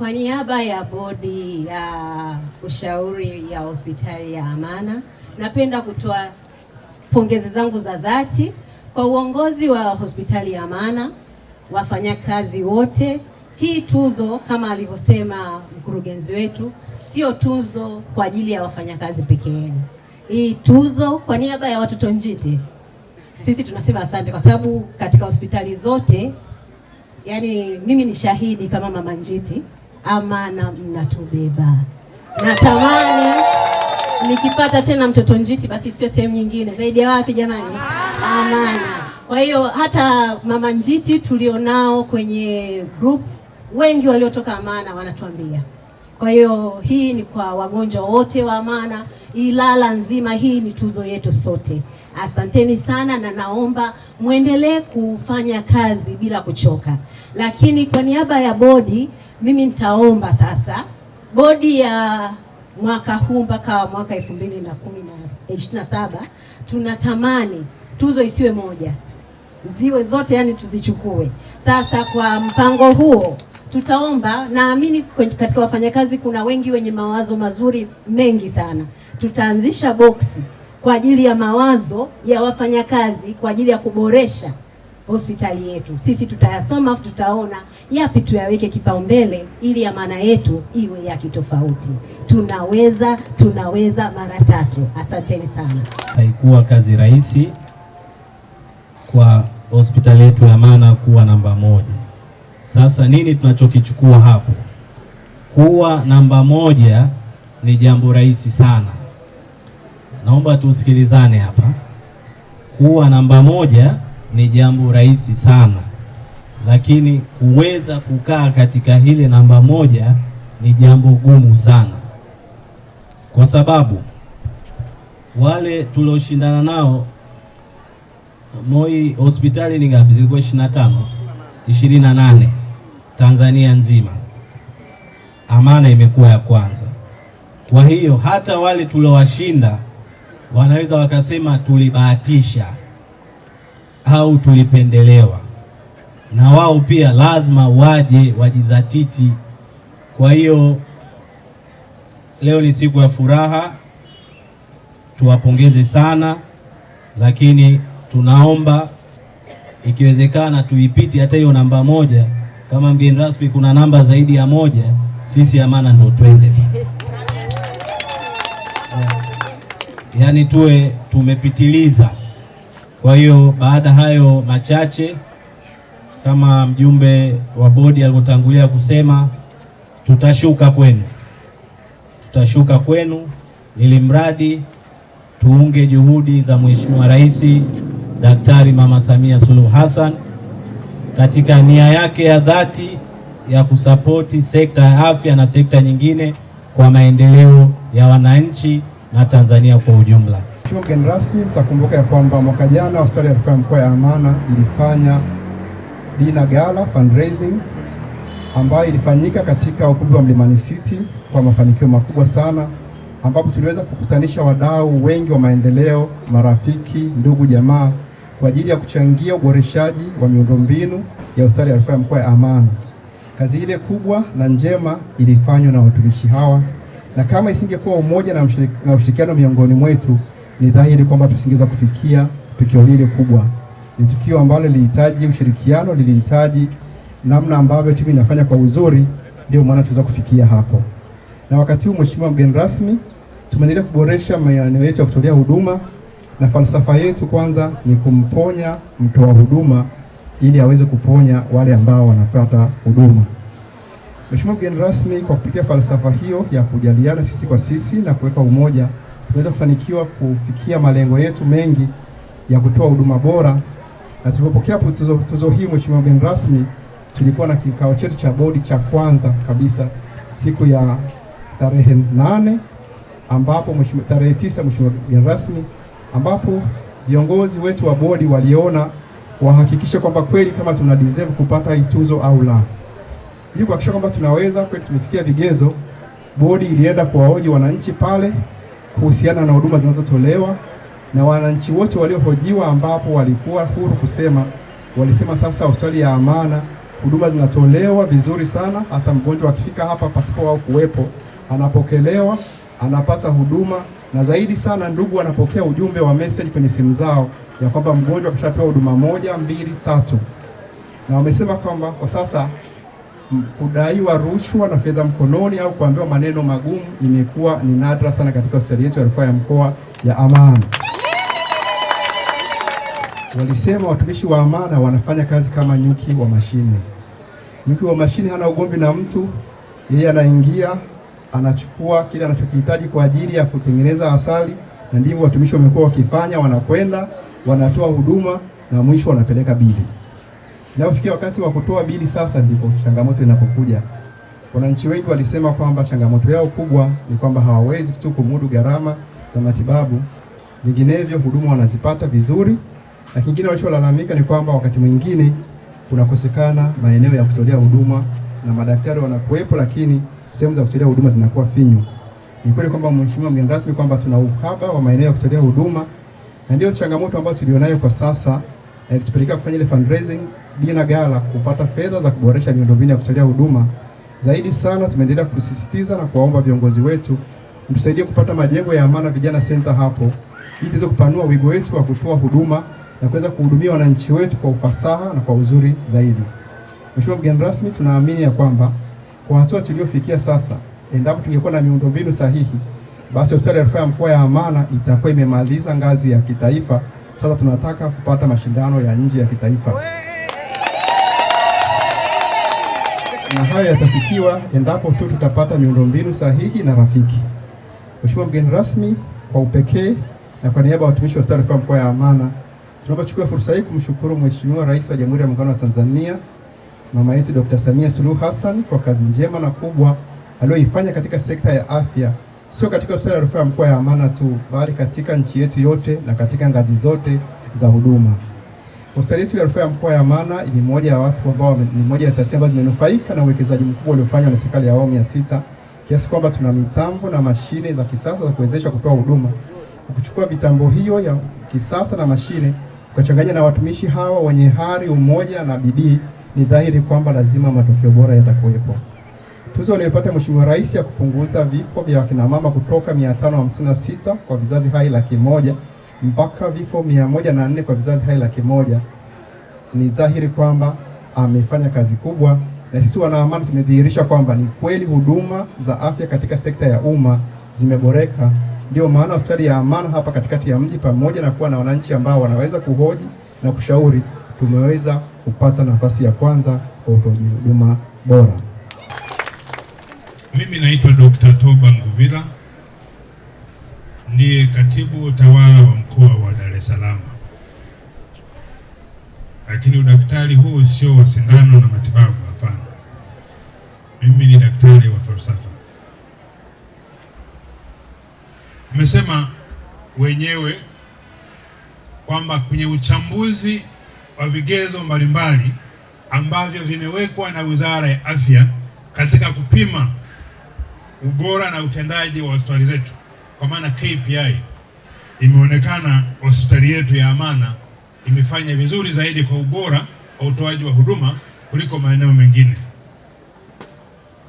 Kwa niaba ya bodi ya ushauri ya hospitali ya Amana, napenda kutoa pongezi zangu za dhati kwa uongozi wa hospitali ya Amana, wafanyakazi wote. Hii tuzo kama alivyosema mkurugenzi wetu, sio tuzo kwa ajili ya wafanyakazi peke yenu. Hii tuzo kwa niaba ya watoto njiti, sisi tunasema asante, kwa sababu katika hospitali zote, yani mimi ni shahidi kama mama njiti amana mnatubeba. Natamani nikipata tena mtoto njiti, basi sio sehemu nyingine zaidi ya wapi jamani? Amana. Kwa hiyo hata mama njiti tulionao kwenye group wengi waliotoka Amana wanatuambia. Kwa hiyo hii ni kwa wagonjwa wote wa Amana, Ilala nzima, hii ni tuzo yetu sote. Asanteni sana, na naomba mwendelee kufanya kazi bila kuchoka. Lakini kwa niaba ya bodi mimi nitaomba sasa bodi ya mwaka huu mpaka mwaka elfu mbili na kumi na eh, ishirini na saba tunatamani tuzo isiwe moja, ziwe zote, yani tuzichukue. Sasa kwa mpango huo tutaomba, naamini katika wafanyakazi kuna wengi wenye mawazo mazuri mengi sana. Tutaanzisha boksi kwa ajili ya mawazo ya wafanyakazi kwa ajili ya kuboresha hospitali yetu. Sisi tutayasoma tutaona yapi tuyaweke kipaumbele ili amana yetu iwe ya kitofauti. Tunaweza, tunaweza mara tatu. Asanteni sana. Haikuwa kazi rahisi kwa hospitali yetu ya Amana kuwa namba moja. Sasa nini tunachokichukua hapo? Kuwa namba moja ni jambo rahisi sana, naomba tusikilizane hapa. Kuwa namba moja ni jambo rahisi sana, lakini kuweza kukaa katika hile namba moja ni jambo gumu sana, kwa sababu wale tulioshindana nao Moi hospitali ni ngapi? Zilikuwa 25 28 Tanzania nzima, Amana imekuwa ya kwanza. Kwa hiyo hata wale tuliowashinda wanaweza wakasema tulibahatisha au tulipendelewa, na wao pia lazima waje wajizatiti. Kwa hiyo leo ni siku ya furaha, tuwapongeze sana, lakini tunaomba ikiwezekana tuipite hata hiyo namba moja. Kama mgeni rasmi, kuna namba zaidi ya moja, sisi Amana ndo twende yaani tuwe tumepitiliza kwa hiyo baada hayo machache, kama mjumbe wa bodi alivyotangulia kusema, tutashuka kwenu, tutashuka kwenu ili mradi tuunge juhudi za Mheshimiwa Rais Daktari Mama Samia Suluhu Hassan katika nia yake ya dhati ya kusapoti sekta ya afya na sekta nyingine kwa maendeleo ya wananchi na Tanzania kwa ujumla. Mheshimiwa mgeni rasmi, mtakumbuka ya kwamba mwaka jana hospitali ya rufaa ya mkoa ya Amana ilifanya dina gala fundraising ambayo ilifanyika katika ukumbi wa Mlimani City kwa mafanikio makubwa sana, ambapo tuliweza kukutanisha wadau wengi wa maendeleo, marafiki, ndugu, jamaa kwa ajili ya kuchangia uboreshaji wa miundombinu ya hospitali ya rufaa ya mkoa ya Amana. Kazi ile kubwa na njema ilifanywa na watumishi hawa, na kama isingekuwa umoja na, na ushirikiano miongoni mwetu ni dhahiri kwamba tusingeweza kufikia tukio lile kubwa. Ni tukio ambalo lilihitaji ushirikiano, lilihitaji namna ambavyo timu inafanya kwa uzuri, ndio maana tuweza kufikia hapo. Na wakati huu, mheshimiwa mgeni rasmi, tumeendelea kuboresha maeneo yetu ya kutolea huduma, na falsafa yetu kwanza ni kumponya mtoa huduma ili aweze kuponya wale ambao wanapata huduma. Mheshimiwa mgeni rasmi, kwa kupitia falsafa hiyo ya kujaliana sisi kwa sisi na kuweka umoja tuweze kufanikiwa kufikia malengo yetu mengi ya kutoa huduma bora. Na tulipopokea tuzo, tuzo hii mheshimiwa mgeni rasmi, tulikuwa na kikao chetu cha bodi cha kwanza kabisa siku ya tarehe nane ambapo mheshimiwa, tarehe tisa mheshimiwa mgeni rasmi, ambapo viongozi wetu wa bodi waliona wahakikishe kwamba kweli kama tuna deserve kupata hii tuzo au la. Ili kuhakikisha kwamba tunaweza kweli tumefikia vigezo, bodi ilienda kuwahoji wananchi pale kuhusiana na huduma zinazotolewa na wananchi wote waliohojiwa, ambapo walikuwa huru kusema. Walisema sasa hospitali ya Amana huduma zinatolewa vizuri sana, hata mgonjwa akifika hapa pasipo wao kuwepo, anapokelewa, anapata huduma, na zaidi sana ndugu wanapokea ujumbe wa message kwenye simu zao ya kwamba mgonjwa kishapewa huduma moja, mbili, tatu, na wamesema kwamba kwa sasa kudaiwa rushwa na fedha mkononi au kuambiwa maneno magumu imekuwa ni nadra sana katika hospitali yetu ya rufaa ya mkoa ya Amana. Walisema watumishi wa Amana wanafanya kazi kama nyuki wa mashine. Nyuki wa mashine hana ugomvi na mtu, yeye anaingia anachukua kile anachokihitaji kwa ajili ya kutengeneza asali, na ndivyo watumishi wamekuwa wakifanya, wanakwenda wanatoa huduma na mwisho wanapeleka bili. Inapofikia wakati wa kutoa bili, sasa ndipo changamoto inapokuja. Wananchi wengi walisema kwamba changamoto yao kubwa ni kwamba hawawezi tu kumudu gharama za matibabu, vinginevyo huduma wanazipata vizuri, na kingine walicholalamika ni kwamba wakati mwingine kunakosekana maeneo ya kutolea huduma na madaktari wanakuwepo, lakini sehemu za kutolea huduma zinakuwa finyu. Ni kweli kwamba Mheshimiwa mgeni rasmi, kwamba tuna uhaba wa maeneo ya kutolea huduma, na ndio changamoto ambayo tulionayo kwa sasa, na ilitupelekea kufanya ile fundraising Dina Gala kupata fedha za kuboresha miundombinu ya kutolea huduma. Zaidi sana tumeendelea kusisitiza na kuwaomba viongozi wetu mtusaidie kupata majengo ya Amana Vijana Center hapo ili tuweze kupanua wigo wetu wa kutoa huduma na kuweza kuhudumia wananchi wetu kwa ufasaha na kwa uzuri zaidi. Mheshimiwa mgeni rasmi, tunaamini ya kwamba kwa hatua tuliyofikia sasa, endapo tungekuwa na miundombinu sahihi, basi hospitali ya rufaa ya mkoa ya Amana itakuwa imemaliza ngazi ya kitaifa. Sasa tunataka kupata mashindano ya nje ya kitaifa. na hayo yatafikiwa endapo tu tutapata miundombinu sahihi na rafiki. Mheshimiwa mgeni rasmi, kwa upekee na kwa niaba ya watumishi wa hospitali ya rufaa mkoa ya Amana, tunaomba chukua fursa hii kumshukuru Mheshimiwa Rais wa Jamhuri ya Muungano wa Tanzania mama yetu Dr. Samia Suluhu Hassan kwa kazi njema na kubwa aliyoifanya katika sekta ya afya, sio katika hospitali ya rufaa ya mkoa ya Amana tu, bali katika nchi yetu yote na katika ngazi zote za huduma. Hospitali yetu ya rufaa ya mkoa ya Amana ni moja ya watu ambao ni moja ya taasisi ambazo zimenufaika na uwekezaji mkubwa uliofanywa na serikali ya awamu ya sita, kiasi kwamba tuna mitambo na mashine za kisasa za kuwezesha kutoa huduma. Ukichukua mitambo hiyo ya kisasa na mashine ukachanganya na watumishi hawa wenye hari, umoja na bidii, ni dhahiri kwamba lazima matokeo bora yatakuwepo. Tuzo aliyopata Mheshimiwa Rais ya kupunguza vifo vya wakinamama kutoka 556 kwa vizazi hai laki moja mpaka vifo mia moja na nne kwa vizazi hai laki moja ni dhahiri kwamba amefanya kazi kubwa, na sisi wana Amani tumedhihirisha kwamba ni kweli huduma za afya katika sekta ya umma zimeboreka. Ndio maana hospitali ya Amana hapa katikati ya mji, pamoja na kuwa na wananchi ambao wanaweza kuhoji na kushauri, tumeweza kupata nafasi ya kwanza kwa utoaji huduma bora. Mimi naitwa Dr. Toba Nguvila ndiye katibu utawala wa mkoa wa Dar es Salaam. Lakini udaktari huu sio wa sindano na matibabu, hapana. Mimi ni daktari wa falsafa. Mmesema wenyewe kwamba kwenye uchambuzi wa vigezo mbalimbali ambavyo vimewekwa na Wizara ya Afya katika kupima ubora na utendaji wa hospitali zetu kwa maana KPI imeonekana hospitali yetu ya Amana imefanya vizuri zaidi kwa ubora wa utoaji wa huduma kuliko maeneo mengine.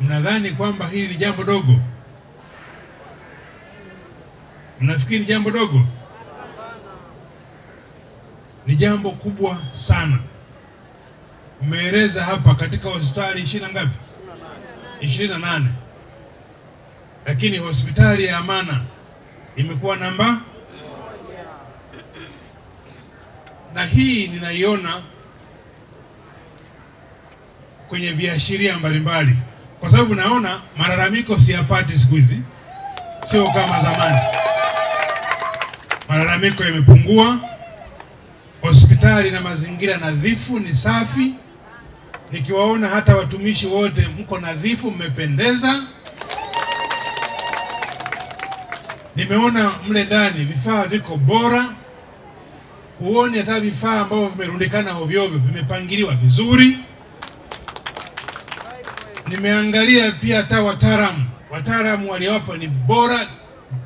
Mnadhani kwamba hili ni jambo dogo? Mnafikiri jambo dogo? Ni jambo kubwa sana. Mmeeleza hapa katika hospitali ishirini na ngapi? Ishirini na nane, lakini hospitali ya Amana imekuwa namba na hii ninaiona kwenye viashiria mbalimbali, kwa sababu naona malalamiko siyapati siku hizi, sio kama zamani. Malalamiko yamepungua, hospitali na mazingira nadhifu, ni safi. Nikiwaona hata watumishi wote mko nadhifu, mmependeza. Nimeona mle ndani vifaa viko bora, huoni hata vifaa ambavyo vimerundikana ovyo ovyo, vimepangiliwa vizuri. Nimeangalia pia hata wataalamu, wataalamu waliopo ni bora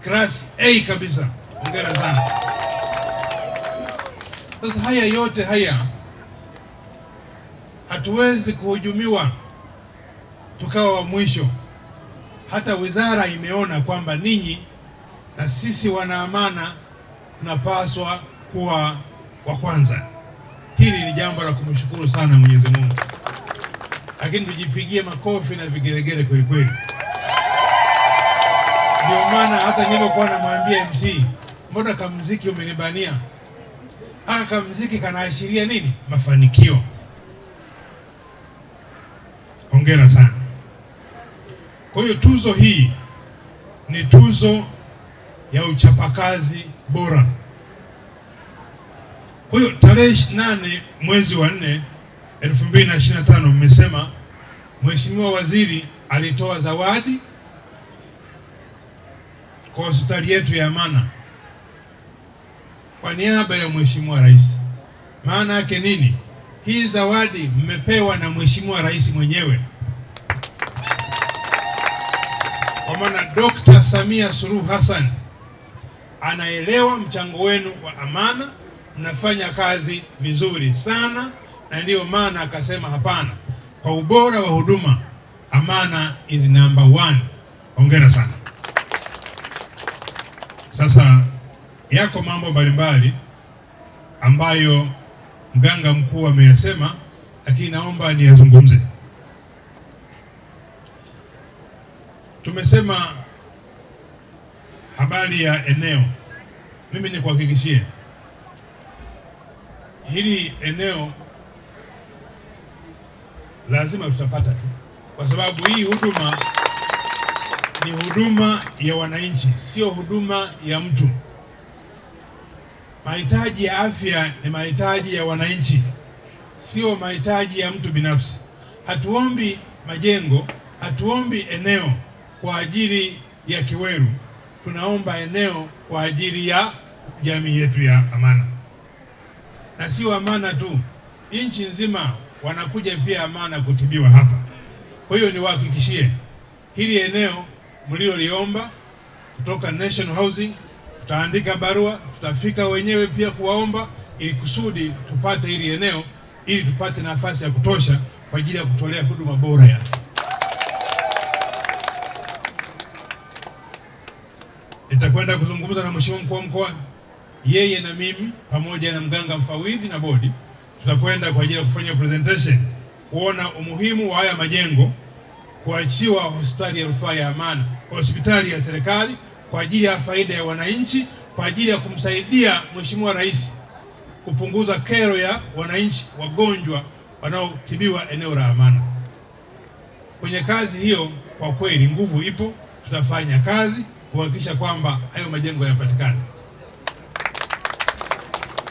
class A kabisa. Hongera sana. Sasa haya yote haya hatuwezi kuhujumiwa tukawa wa mwisho. Hata wizara imeona kwamba ninyi na sisi wanaamana tunapaswa kuwa wa kwanza. Hili ni jambo la kumshukuru sana Mwenyezi Mungu, lakini tujipigie makofi na vigelegele kweli kweli. Ndio maana hata nilipokuwa namwambia MC, mbona kamziki umenibania? Aa, ah, kamziki kanaashiria nini? Mafanikio. Hongera sana. Kwa hiyo tuzo hii ni tuzo ya uchapakazi bora. Kwa hiyo tarehe nane mwezi wa na tano mmesema Mheshimiwa Waziri alitoa zawadi kwa hospitali yetu ya Amana kwa niaba ya Mheshimiwa Rais. Maana yake nini? Hii zawadi mmepewa na Mheshimiwa Rais mwenyewe, kwa maana Dr. Samia Suluhu Hassan anaelewa mchango wenu wa amana, mnafanya kazi vizuri sana, na ndiyo maana akasema hapana, kwa ubora wa huduma amana is number one. Hongera sana. Sasa yako mambo mbalimbali ambayo mganga mkuu ameyasema, lakini naomba niyazungumze. Tumesema habari ya eneo, mimi nikuhakikishie hili eneo lazima tutapata tu, kwa sababu hii huduma ni huduma ya wananchi, sio huduma ya mtu. Mahitaji ya afya ni mahitaji ya wananchi, sio mahitaji ya mtu binafsi. Hatuombi majengo, hatuombi eneo kwa ajili ya kiweru tunaomba eneo kwa ajili ya jamii yetu ya Amana, na sio Amana tu, nchi nzima wanakuja pia Amana kutibiwa hapa. Kwa hiyo niwahakikishie hili eneo mlioliomba kutoka National Housing, tutaandika barua, tutafika wenyewe pia kuwaomba ili kusudi tupate hili eneo ili tupate nafasi ya kutosha kwa ajili ya kutolea huduma bora ya kwenda kuzungumza na mheshimiwa mkuu wa mkoa, yeye na mimi pamoja na mganga mfawidhi na bodi, tutakwenda kwa ajili ya kufanya presentation kuona umuhimu wa haya majengo kuachiwa hospitali ya rufaa ya Amana, hospitali ya serikali kwa ajili ya faida ya wananchi, kwa ajili ya kumsaidia mheshimiwa rais kupunguza kero ya wananchi wagonjwa wanaotibiwa eneo la Amana. Kwenye kazi hiyo, kwa kweli nguvu ipo, tutafanya kazi kuhakikisha kwamba hayo majengo yanapatikana.